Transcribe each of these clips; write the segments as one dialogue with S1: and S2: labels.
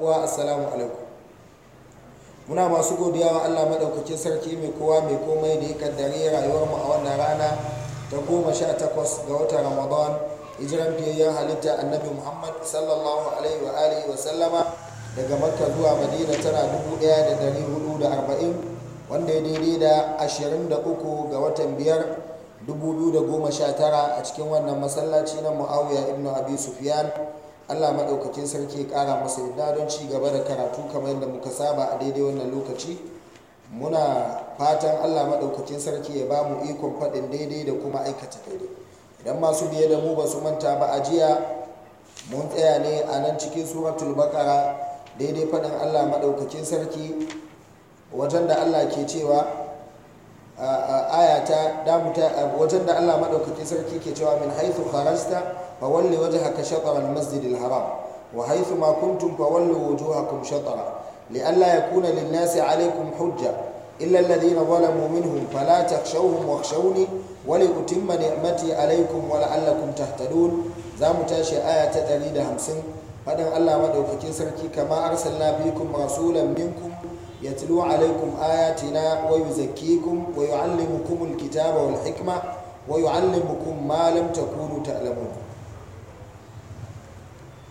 S1: uwa assalamu alaikum muna masu godiya wa Allah madaukakin sarki mai kowa mai komai da ya kaddare rayuwar mu a wannan rana ta goma sha takwas ga wata Ramadan hijiran fiyayyen halitta annabi Muhammad sallallahu alaihi wa alihi wa sallama daga Makka zuwa Madina da arba'in wanda ya daidai da ashirin da uku ga watan biyar sha tara a cikin wannan masallaci na Muawiya ibnu Abi Sufyan Allah maɗaukakin sarki ya ƙara masa yadda don ci gaba da karatu kamar yadda muka saba a daidai wannan lokaci muna fatan Allah maɗaukakin sarki ya ba mu ikon faɗin daidai da kuma aikata daidai idan masu biye da mu ba su manta ba a jiya mun tsaya ne a nan cikin suratul bakara daidai faɗin Allah maɗaukakin sarki wajen da Allah ke cewa aya ta wajen da Allah maɗaukakin sarki ke cewa min haithu kharasta فول وجهك شطر المسجد الحرام وحيث ما كنتم فولوا وجوهكم شطرة لئلا يكون للناس عليكم حجة إلا الذين ظلموا منهم فلا تخشوهم واخشوني ولأتم نعمتي عليكم ولعلكم تهتدون زامتاشي آية تتريد همسن فدن الله مدوككين سركي كما أرسلنا بكم رسولا منكم يتلو عليكم آياتنا ويزكيكم ويعلمكم الكتاب والحكمة ويعلمكم ما لم
S2: تكونوا تعلمون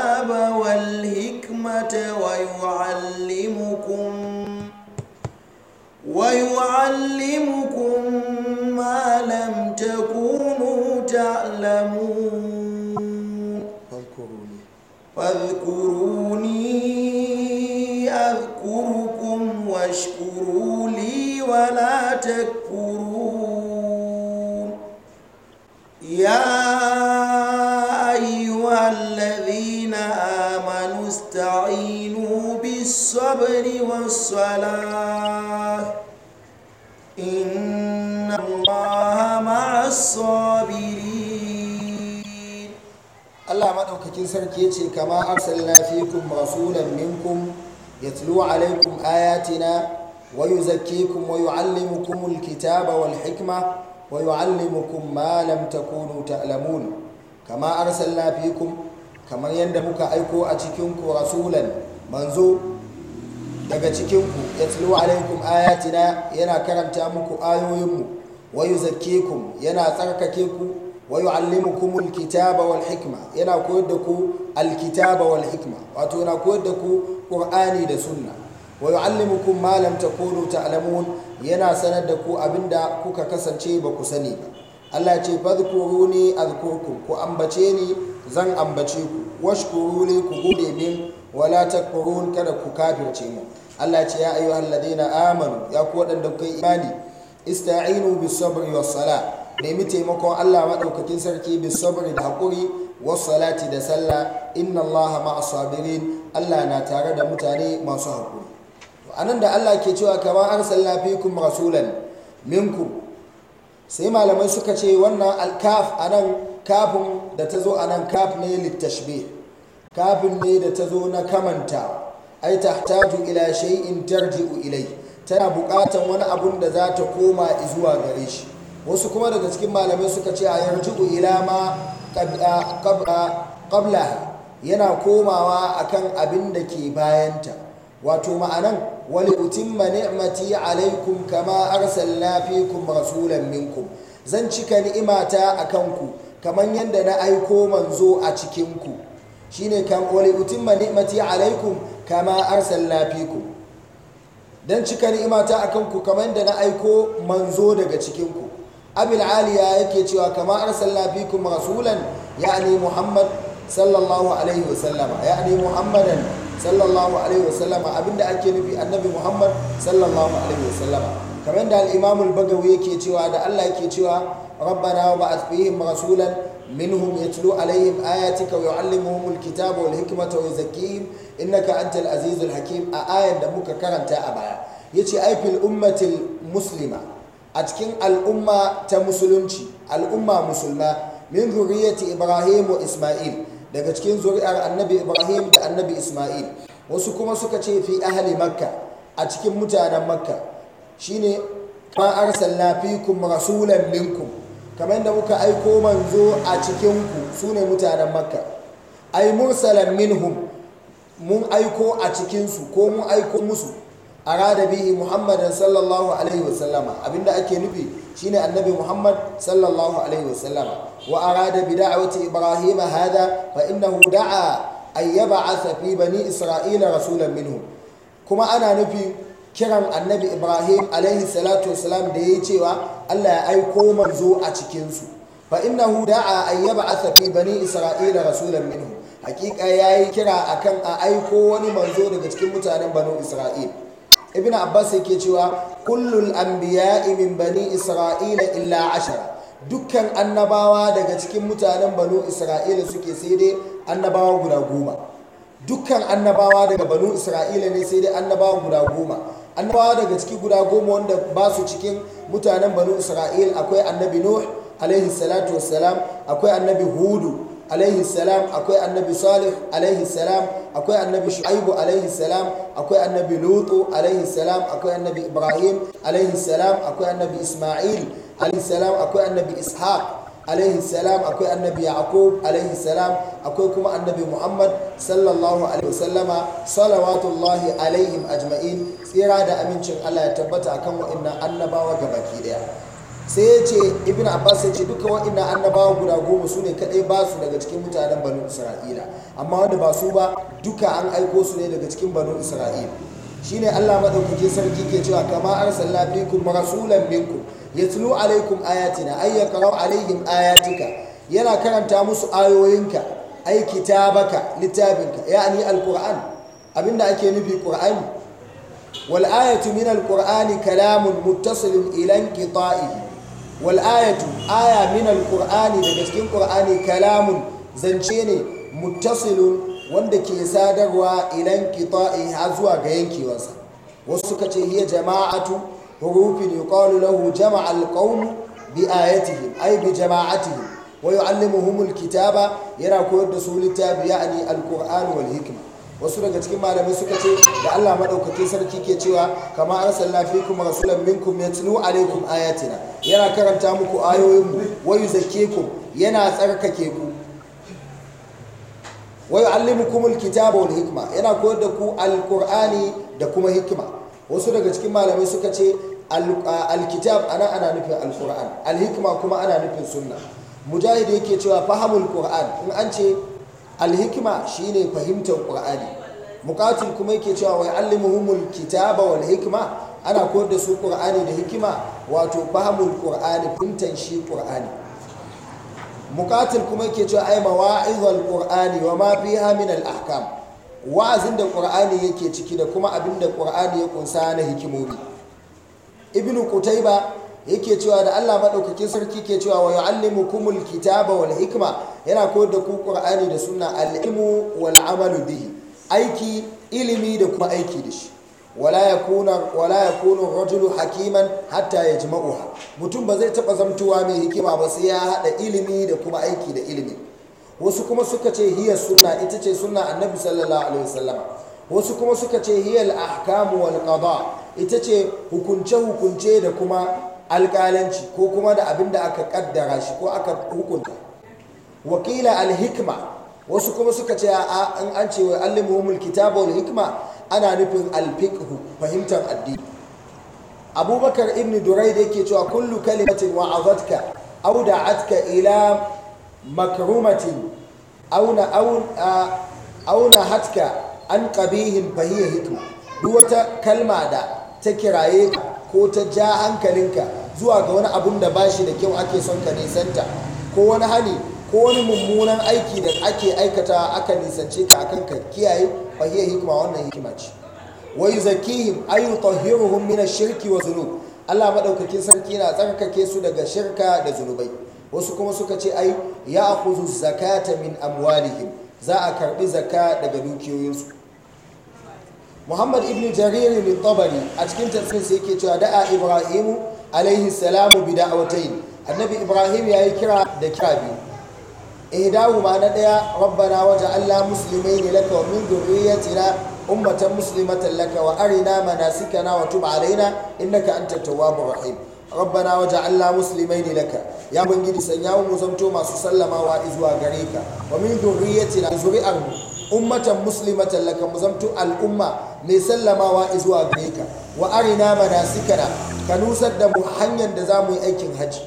S2: الكتاب والحكمة ويعلمكم ويعلمكم ما لم تكونوا تعلمون فاذكروني أذكركم واشكروا لي ولا تكفرون يا واستعينوا بالصبر والصلاة إن الله مع الصابرين الله مدوكاكين سركي يتي كما أرسلنا فيكم رسولا
S1: منكم يتلو عليكم آياتنا ويزكيكم ويعلمكم الكتاب والحكمة ويعلمكم ما لم تكونوا تعلمون كما أرسلنا فيكم kamar yadda muka aiko a cikinku rasulan manzo daga cikinku ya tilwa alaikum ayatina yana karanta muku ayoyinmu wa yuzakkikum yana tsarkake ku wa yu'allimukum alkitaba wal hikma yana koyar da ku alkitaba wal hikma wato yana koyar da ku qur'ani da sunna wa malam ma lam takunu ta'lamun yana sanar da ku abinda kuka kasance ba ku sani ba Allah ce fadhkuruni azkurkum ku ambace ni zan ambace ku washkuruni ku gode min wala takfurun kada ku kafirce mu Allah ce ya ayyuhal ladina amanu ya ku wadanda kuka imani ista'inu bis sabri was sala nemi taimakon Allah madaukakin sarki bis sabri da hakuri was salati da sallah inna Allah ma'as sabirin Allah na tare da mutane masu hakuri to anan da Allah ke cewa kama arsalna fikum rasulan minkum sai malamai suka ce wannan alkaf a nan kafin da ta zo a nan kaf ne littashbe kafin ne da ta zo na kamanta ai tahtaju ila shay'in tarji'u ilai tana buƙatan wani abun da za ta koma zuwa gare shi wasu kuma daga cikin malamai suka ce a yarji'u ila ma qabla yana komawa akan abin da ke bayanta wato ma'anan wali utimma ni'mati alaikum kama arsalna fikum rasulan minkum zan cika ni'imata a kanku kamar yadda na aiko manzo a cikinku shine kam wali utimma ni'mati alaikum kama arsalna fikum dan cika ni'imata a kanku kamar yadda na aiko manzo daga cikinku abil aliya yake cewa kama arsalna fikum rasulan ya'ni muhammad sallallahu alaihi wasallama ya'ni muhammadan sallallahu alaihi wasallama abinda ake nufi annabi muhammad sallallahu alaihi wasallama kamar da al-imam bagawi yake cewa da Allah yake cewa rabbana wa ba'ath fihim rasulan minhum yatlu alaihim ayatika wa yuallimuhum al-kitaba wal hikmata wa yuzakkihim innaka antal azizul hakim a ayan da muka karanta a baya yace ai fil ummatil muslima a cikin al'umma ta musulunci al'umma musulma min zuriyati ibrahim wa isma'il daga cikin zuri'ar annabi ibrahim da annabi isma'il wasu kuma suka ce fi ahli makka a cikin mutanen makka shine ma arsalna fikum rasulan minkum kamar da muka aiko manzo a cikin ku sune mutanen makka ai mursalan minhum mun aiko a cikin su ko mun aiko musu arada bihi muhammadan sallallahu alaihi wasallama abinda ake nufi shine annabi muhammad sallallahu alaihi wasallama wa arada bi da'wati Ibrahim hada fa innahu da'a ay yab'atha fi bani isra'ila rasulan minhu kuma ana nufi kiran annabi ibrahim alaihi salatu wasalam da yayi cewa Allah ya aiko manzo a cikin su fa innahu da'a ay yab'atha fi bani isra'ila rasulan minhu hakika yayi kira akan a aiko wani manzo daga cikin mutanen banu isra'ila ibn abbas yake cewa kullul anbiya'i min bani isra'ila illa ashara dukkan annabawa daga cikin mutanen banu isra'ila suke sai dai annabawa guda goma dukkan annabawa daga banu isra'ila ne sai dai annabawa guda goma annabawa daga ciki guda goma wanda ba su cikin mutanen banu Isra'ila akwai annabi nuh alaihi salatu wassalam akwai annabi hudu alaihi salam akwai annabi salih alaihi salam akwai annabi shu'aibu alaihi salam akwai annabi lutu alaihi salam akwai annabi ibrahim alaihi salam akwai annabi isma'il alaihi salam akwai annabi ishaq alaihi salam akwai annabi yaqub alaihi salam akwai kuma annabi muhammad sallallahu alaihi wasallama salawatullahi alaihim ajma'in tsira da amincin Allah ya tabbata akan wa'annan annabawa gabaki daya sai ya ce ibn abbas ya ce duka waɗannan annabawa guda goma su ne kadai ba su daga cikin mutanen banu isra'ila amma wanda ba su ba duka an aiko su ne daga cikin banu isra'ila shine allah maɗaukakin sarki ke cewa kama an arsalna fikum rasulan minkum yatlu alaikum ayatina ay karau alaihim ayatika yana karanta musu ayoyinka ay kitabaka littafinka ya ya'ni alquran abinda ake nufi qur'ani wal ayatu min alqur'ani kalamun muttasilun ila inqita'ihi wal'ayatu aya min qur'ani daga cikin qur'ani kalamun zance ne muttasilun wanda ke sadarwa ilan qita'i ha zuwa ga yankewarsa wasu suka ce hiya jama'atu hurufin yuqalu lahu jama'a alqawm bi ayatihim ay bi jama'atihim wa yu'allimuhum kitaba yana koyar da su littafi ya'ni alqur'an wal hikma wasu daga cikin malamai suka ce da Allah madaukakin sarki ke cewa kama arsalna fikum rasulan minkum yatlu alaikum ayatina yana karanta muku ayoyin mu zake ku yana tsarkake ku wai yuallimukum alkitaba wal hikma yana koyar da ku alqur'ani da kuma hikima wasu daga cikin malamai suka ce alkitab ana ana nufin alqur'an alhikma kuma ana nufin sunna mujahid yake cewa fahamul qur'an in an ce alhikima shine fahimtar qur'ani muqatil kuma yake cewa wai allimuhumul kitaba wal hikma ana koyar da su qur'ani da hikima wato fahimul qur'ani fintan shi qur'ani muqatil kuma yake cewa ai mawa'izul qur'ani wa ma fiha min al ahkam wa'azin da qur'ani yake ciki da kuma abin da qur'ani ya kunsa na hikimomi ibnu qutayba yake cewa da Allah maɗaukakin sarki ke cewa wa kumul kitaba wal hikma yana koyar da ku qur'ani da sunna al ilmu wal amalu bihi aiki ilimi da kuma aiki da shi wala yakuna wala yakunu rajulu hakiman hatta yajma'uha mutum ba zai taba zamtuwa mai hikima ba sai ya haɗa ilimi da kuma aiki da ilimi wasu kuma suka ce hiya sunna ita ce sunna annabi sallallahu alaihi wasallam wasu kuma suka ce hiya al ahkamu wal ita ce hukunce hukunce da kuma alƙalanci ko kuma da abin da aka ƙaddara shi ko aka hukunta wakila alhikma wasu kuma suka ce in an ce wa allimuhumul kitaba hikma ana nufin alfiqhu fahimtar addini abubakar ibn durai da yake cewa kullu kalimatin wa'azatka aw da'atka ila makrumatin auna auna hatka an qabihin fahiya hikma duk wata kalma da ta kiraye ko ta ja hankalinka zuwa ga wani abun da ba shi da kyau ake son ka nisanta ko wani hali ko wani mummunan aiki da ake aikata aka nisance ka akan ka kiyaye fahiyar hikima wannan hikima ce wai zakihim ayu tahiruhum min shirki wa zunub Allah madaukakin sarki yana tsarkake su daga shirka da zunubai wasu kuma suka ce ai ya akuzu zakata min amwalihim za a karbi zaka daga dukiyoyinsu Muhammad ibn Jarir bin Tabari a cikin tafsirin yake cewa da'a Ibrahimu alaihi salamu bi da'awatayn annabi ibrahim ya yi kira da kira biyu ihdahu ma na daya rabbana alla muslimaini laka wa min dhurriyyatina ummatan muslimatan laka wa arina manasikana wa tub alaina innaka antat tawwabur rahim rabbana alla muslimaini laka ya bangiji sanya mu zamto masu sallamawa izuwa gare ka wa min dhurriyyatina zuri'armu ummatan muslimatan tallaka mu zamto al'umma mai sallamawa zuwa gare ka wa arina manasikana ka nusar da mu hanyar da za yi aikin hajji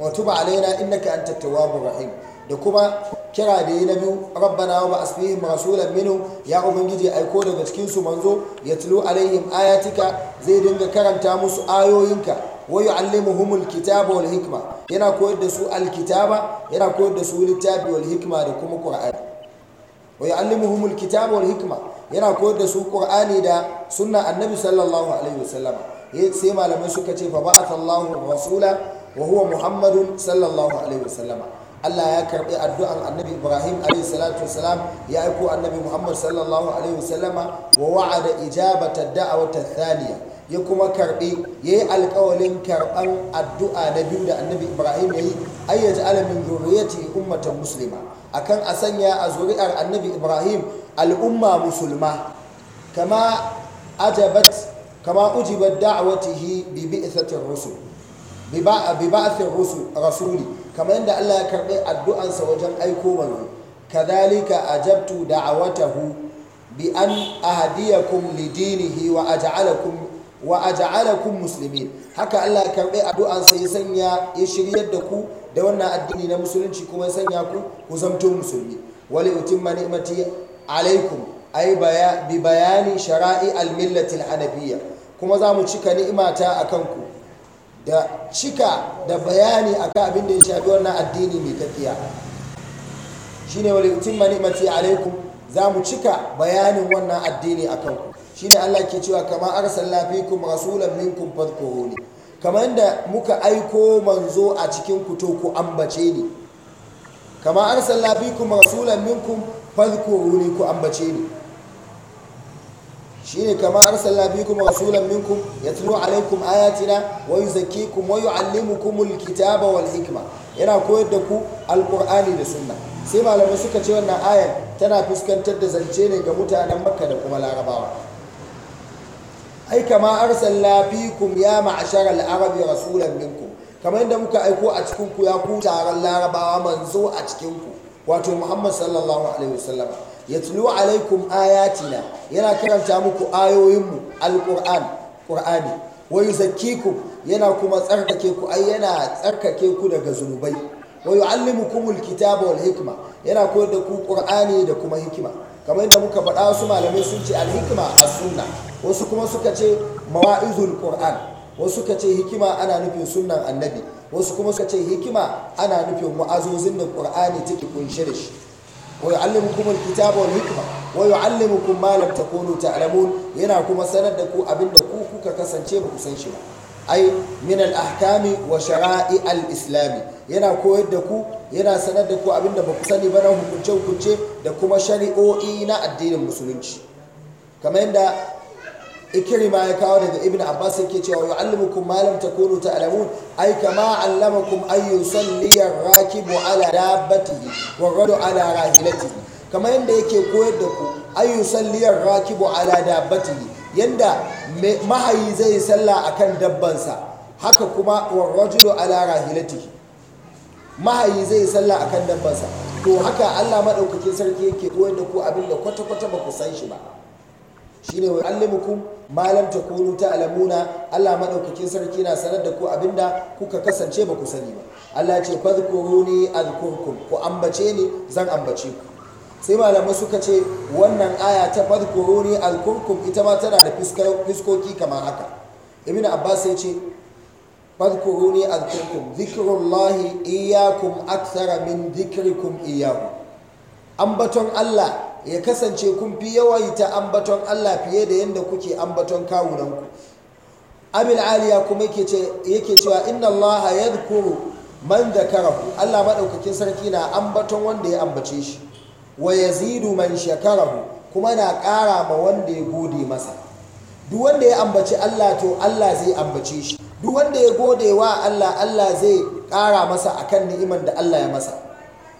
S1: wato ba alaina innaka anta tawwabur rahim da kuma kira da yi na biyu rabbana wa ba'asbihim rasulan minhu ya ubangiji aiko daga cikin su manzo ya tulo alaihim ayatika zai dinga karanta musu ayoyinka wa yu'allimuhumul kitaba wal hikma yana koyar da su alkitaba yana koyar da su littafi wal hikma da kuma qur'ani wai ya'allimuhumul kitaba wal hikma yana koyar da su qur'ani da sunna annabi sallallahu alaihi wasallam sai malamai suka ce fa ba'atha Allahu rasula wa huwa muhammadun sallallahu alaihi wasallam Allah ya karbi addu'an annabi Ibrahim alaihi salatu wasalam ya aiko annabi Muhammad sallallahu alaihi wasallam wa wa'ada ijabata da'wata thaniya ya kuma karbi yayi alƙawalin karban addu'a na biyu da annabi Ibrahim yayi ayyaja alamin zuriyati ummatan muslima akan a sanya a zuri'ar annabi ibrahim al'umma musulma kama ajabat kama ujibat da'watihi bi bi'thatir rusul bi rasuli yadda Allah ya karɓi addu'an sa wajen aiko manzo kadhalika ajabtu da'watahu bi an ahdiyakum li dinihi wa aj'alakum wa a kun musulmi haka Allah ya karbe addu'an sai ya sanya ya shiryar da ku da wannan addini na musulunci kuma ya sanya ku ku zamto musulmi wali ma ni'mati alaikum ay bi bayani shara'i al-millati al-hanafiyya kuma za mu cika ni'imata akan ku da cika da bayani akan abin da ya shafi wannan addini mai tafiya shine wal yutimma ni'mati 'Alaikun. za mu cika bayanin wannan addini kanku. ku shine Allah ke cewa kama arsalna fikum rasulan minkum fadhkuruni kamar da muka aiko manzo a cikin ku to ku ambace ni kama arsalna fikum rasulan minkum fadhkuruni ku ambace ni shine kama arsalna fikum rasulan minkum yatlu alaikum ayatina wa yuzakkikum wa yuallimukumul kitaba wal hikma yana koyar da ku alqur'ani da sunna sai malamai suka ce wannan ayar tana fuskantar da zance ne ga mutanen makka da kuma larabawa ai kama arsalna fikum ya ma'ashara al-arabi rasulan minku kamar yadda muka aiko a cikin ku ya ku taron larabawa manzo a cikin ku wato muhammad sallallahu alaihi wasallam yatlu alaikum ayatina yana karanta muku ayoyinmu alquran qur'ani wa yuzakkikum yana kuma tsarkake ku ai yana tsarkake ku daga zunubai wa yu'allimukumul kitaba wal hikma yana koyar da ku ƙur'ani da kuma hikima kamar yadda muka faɗa wasu malamai sun ce alhikima a as sunna wasu kuma suka ce mawa'izul kur'an wasu suka ce hikima ana nufin sunan annabi wasu kuma suka ce hikima ana nufin wa'azozin da qur'ani take kunshe da shi wa yu'allimukumul kitaba wal hikma wa yu'allimukum ma lam takunu ta'lamun yana kuma sanar da ku abinda ku kuka kasance ba ku san shi ba ai min al-ahkami wa shara'i al islam yana koyar da ku yana sanar da ku abinda ba ku sani ba na hukunce hukunce da kuma shari'o'i na addinin musulunci kamar yadda ikirima ya kawo daga ibn abbas yake cewa yu'allimukum ma lam takunu ta'lamun ay kama allamakum ay yusalli ar-rakibu ala dabbatihi wa radu ala rahilatihi kamar yadda yake koyar da ku ay yusalli ar-rakibu ala dabbatihi yanda mahayi zai yi sallah akan dabbansa haka kuma warrajulu ala rahilati mahayi zai yi sallah akan dabbansa to haka Allah maɗaukakin sarki yake koyar da ku abin da kwata kwata ba ku san shi ba Shi shine wa malam ta kunu ta alamuna, Allah maɗaukakin sarki na sanar da ku abin da kuka kasance ba ku sani ba Allah ya ce fadhkuruni azkurkum ku ambace ni zan ambace ku sai malamai suka ce wannan aya ta fadkuru ne alkurkum ita ma tana da fiskoki kamar haka ibn abbas ya ce fadkuru ne alkurkum zikrullahi iyakun akthara min zikrikum iyahu ambaton allah ya kasance kun fi yawaita ambaton allah fiye da yadda kuke ambaton kawunanku abil aliya kuma yake cewa inna allaha yadhkuru man zakarahu allah maɗaukakin sarki na ambaton wanda ya ambace shi wa yazidu man shakarahu kuma na ƙara ma wanda ya gode masa duk wanda ya ambaci Allah to Allah zai ambace shi duk wanda ya gode wa Allah Allah zai ƙara masa akan ni'imar da Allah ya masa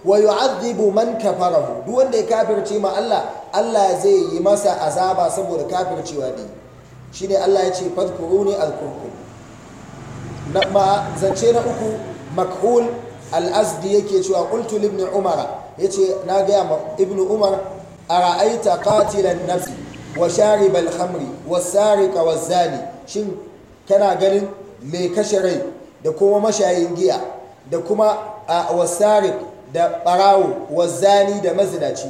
S1: wa yu'adhibu man kafarahu duk wanda ya kafirce ma Allah Allah zai yi masa azaba saboda kafircewa ne shine Allah ya ce fadkuruni alkurkum na ma zance na uku makhul al-azdi yake cewa qultu ibn umara ya ce na gaya ma ibn umar a ra'aita katilan nafsi wa sharibal hamri wa tsari kawazzani shin kana ganin mai kashe rai da kuma mashayin giya da kuma wa sarik da barawo wa da mazinaci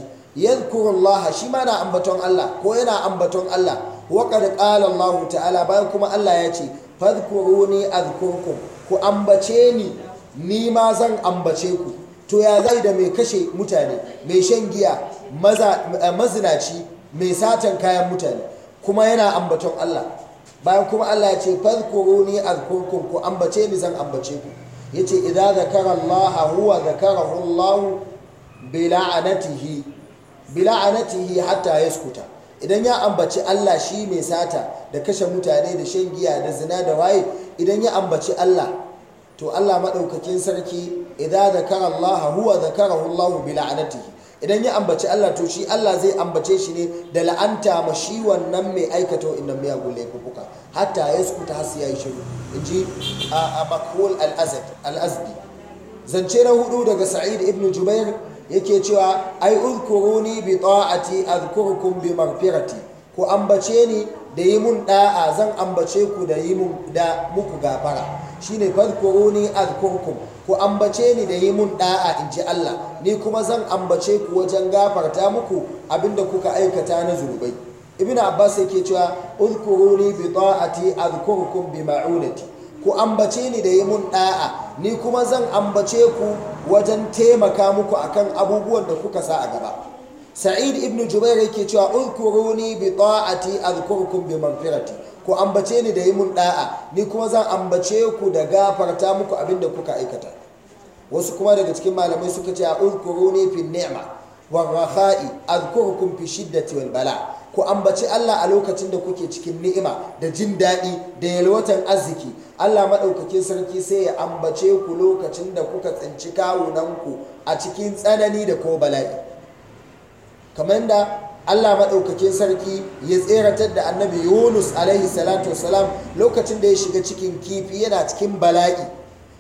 S1: Laha shi ma na ambaton Allah ko yana ambaton Allah waka da qala ta'ala bayan kuma Allah ya ce fadhkuruni azkurkum ku ambace ni ni ma zan ambace ku to ya zai da mai kashe mutane mai shan giya eh, mazinaci mai satan kayan mutane kuma yana ambaton Allah bayan kuma Allah ya ce fadkuruni azkurkum ku ambace ni zan ambace ku yace idza zakara Allah huwa zakarahu Allah bila'anatihi bila'anatihi hatta yaskuta idan ya ambaci Allah shi mai sata da kashe mutane da shan giya da zina da waye idan ya ambaci Allah to Allah maɗaukakin sarki idan kara Allah huwa kara Allahu bi la'anatihi idan ya ambaci Allah to shi Allah zai ambace shi ne da la'anta ma shi wannan mai aikata inda mai yagun laifuka hatta ya sukuta har sai ya shiru inji a makhul al-azdi zance na hudu daga Sa'id ibn Jubair yake cewa ai uzkuruni bi ta'ati azkurkum bi maghfirati ku ambace ni da yi mun da'a zan ambace ku da yi mun da muku gafara shine fadkuruni azkurkum ku ambace ni da yi mun da'a in ji Allah ni kuma zan ambace ku wajen gafarta muku abinda kuka aikata na zunubai ibnu abbas yake cewa ne bi ta'ati azkurkum bi ma'unati ku ambace ni da yi mun da'a ni kuma zan ambace ku wajen taimaka muku akan abubuwan da kuka sa a gaba sa'id ibnu jubair yake cewa ne bi ta'ati azkurkum bi manfirati ku ambace ni da yi mun da'a ni kuma zan ambace ku da gafarta muku abin da kuka aikata wasu kuma daga cikin malamai suka ce a ne fi ni'ma wa rafa'i azkurukum fi shiddati wal bala ku ambaci Allah a lokacin da kuke cikin ni'ima da jin daɗi da yalwatan arziki Allah maɗaukakin sarki sai ya ambace ku lokacin da kuka tsinci kawunanku a cikin tsanani da ko bala'i kamar da Allah maɗaukakin sarki ya tseratar da annabi Yunus alaihi salatu wasalam lokacin da ya shiga cikin kifi yana cikin bala'i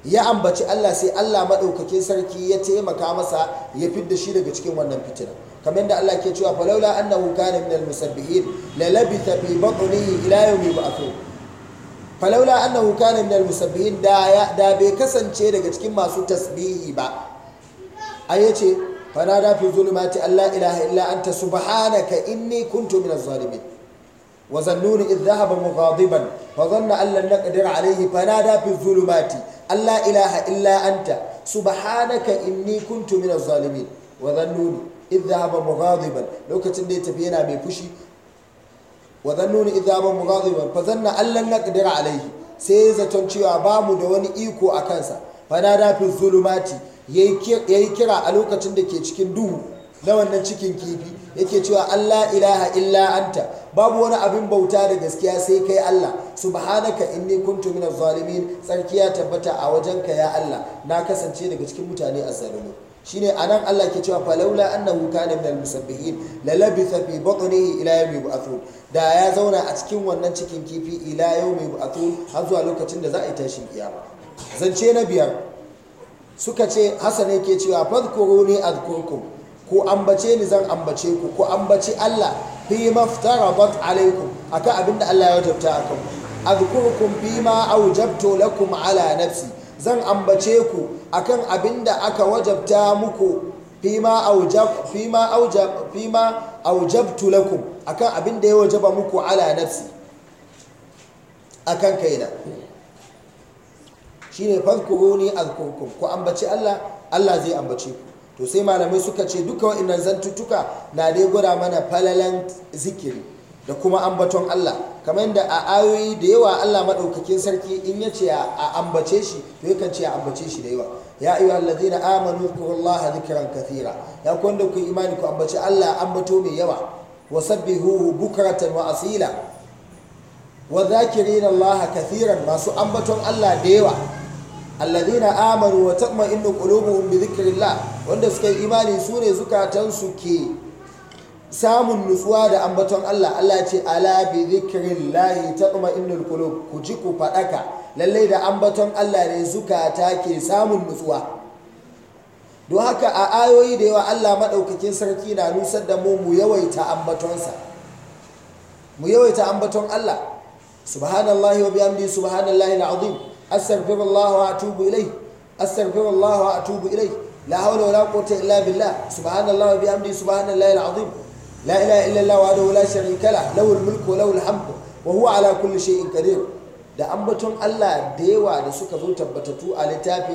S1: ya ambaci Allah sai Allah maɗaukakin sarki ya taimaka masa ya fidda shi daga cikin wannan fitina kamar yadda Allah ke cewa falaula annahu kana minal musabbihin la labitha fi batnihi ila yawmi ba'thu falaula annahu kana minal musabbihin da da bai kasance daga cikin masu tasbihi ba ayace fanada fi zulumati an la ilaha illa anta inni kuntu minaz zalimin wa zannuni idh dhahaba mughadiban fa dhanna an lan naqdir alayhi fanada fi zulumati an la ilaha illa anta inni kuntu minaz zalimin wa zannuni idh dhahaba mughadiban lokacin da ya tafi yana mai fushi wa zannuni idh dhahaba mughadiban fa dhanna an lan naqdir alayhi sai zaton cewa bamu da wani iko a kansa fanada zulumati ya yi kira a lokacin da ke cikin duhu na wannan cikin kifi yake cewa Allah ilaha illa anta babu wani abin bauta da gaskiya sai kai Allah subhanaka inni kuntu minaz zalimin tsarkiya tabbata a wajenka ya Allah na kasance daga cikin mutane a azzalimi shine anan Allah ke cewa falaula annahu kana minal musabbihin la labitha fi batnihi ila yawmi yub'athun da ya zauna a cikin wannan cikin kifi ila mai yub'athun har zuwa lokacin da za a yi tashin kiyama zance na biyar suka ce hasane ke cewa "Fadkuru ne, adkurkum ku ambace ni zan ambace ku ku ambace Allah fi maftarabat alaikum akan abinda Allah ya tafta akan adkurkum fi ma awjabtu lakum ala nafsi zan ambace ku akan abinda aka wajabta muku fi ma aujab fi ma aujab fi ma aujabtu lakum akan abinda ya wajaba muku ala nafsi akan kaina shine fadhkuruni azkurkum ku ambaci Allah Allah zai ambace ku to sai malamai suka ce duka wa'annan zantuttuka na dai gwada mana falalan zikiri da kuma ambaton Allah kamar yadda a ayoyi da yawa Allah madaukakin sarki in ya ce a ambace shi to yakan ce a ambace shi da yawa ya ayu allazina amanu kullaha zikran kathira ya kun da ku imani ku ambace Allah ambato mai yawa wasabbihuhu bukratan wa asila wa zakirin Allah kathiran masu ambaton Allah da yawa alladina amanu wa tatma'innu qulubuhum bi dhikrillah wanda suka yi imani su ne zukatan su ke samun nutsuwa da ambaton Allah Allah ce ala bi dhikrillah tatma'innul qulub ku ji ku fadaka lalle da ambaton Allah ne zukata ke samun nutsuwa don haka a ayoyi da yawa Allah madaukakin sarki na nusar da mu mu yawaita ambatonsa mu yawaita ambaton Allah subhanallahi wa bihamdihi subhanallahi alazim astaghfirullah wa atubu ilai astaghfirullah wa atubu ilai la hawla wala quwwata illa billah subhanallahi wa bihamdihi subhanallahi alazim la ilaha illa allah wahdahu la sharika lah lahul mulku wa lahul hamdu wa huwa ala kulli da ambaton Allah da yawa da suka zo tabbatatu a littafi.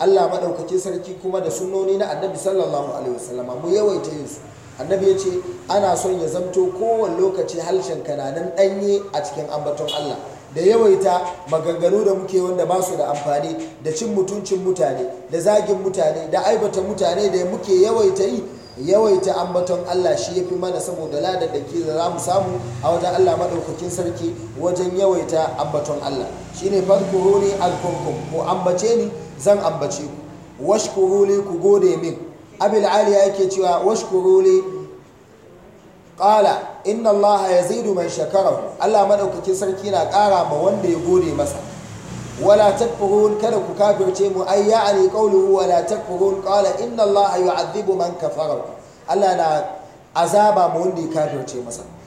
S1: Allah maɗaukacin sarki kuma da sunnoni na annabi sallallahu alaihi wasallama mu yawaita yin su annabi ya ce ana son ya zamto kowane lokaci harshen kananan ɗanye a cikin ambaton Allah da yawaita maganganu da muke wanda ba su da amfani da cin mutuncin mutane da zagin mutane da aibata mutane da muke yawaita yi yawaita ambaton Allah shi ya fi mana saboda ladar da ke za mu samu a wajen Allah maɗaukakin sarki wajen yawaita ambaton Allah shi ne farko ne ko ambace ni zan ambace ku washkuru ku gode min abil aliya yake cewa washkuru Ƙala, inna yazidu man shakarahu allah madaukakin sarki na ƙara ma wanda ya gode masa wala takfurun kada ku kafirce mu ai ya'ani qawluhu wala takfurun qala inna allaha yu'adhibu man kafara allah na azaba ma wanda ya kafirce masa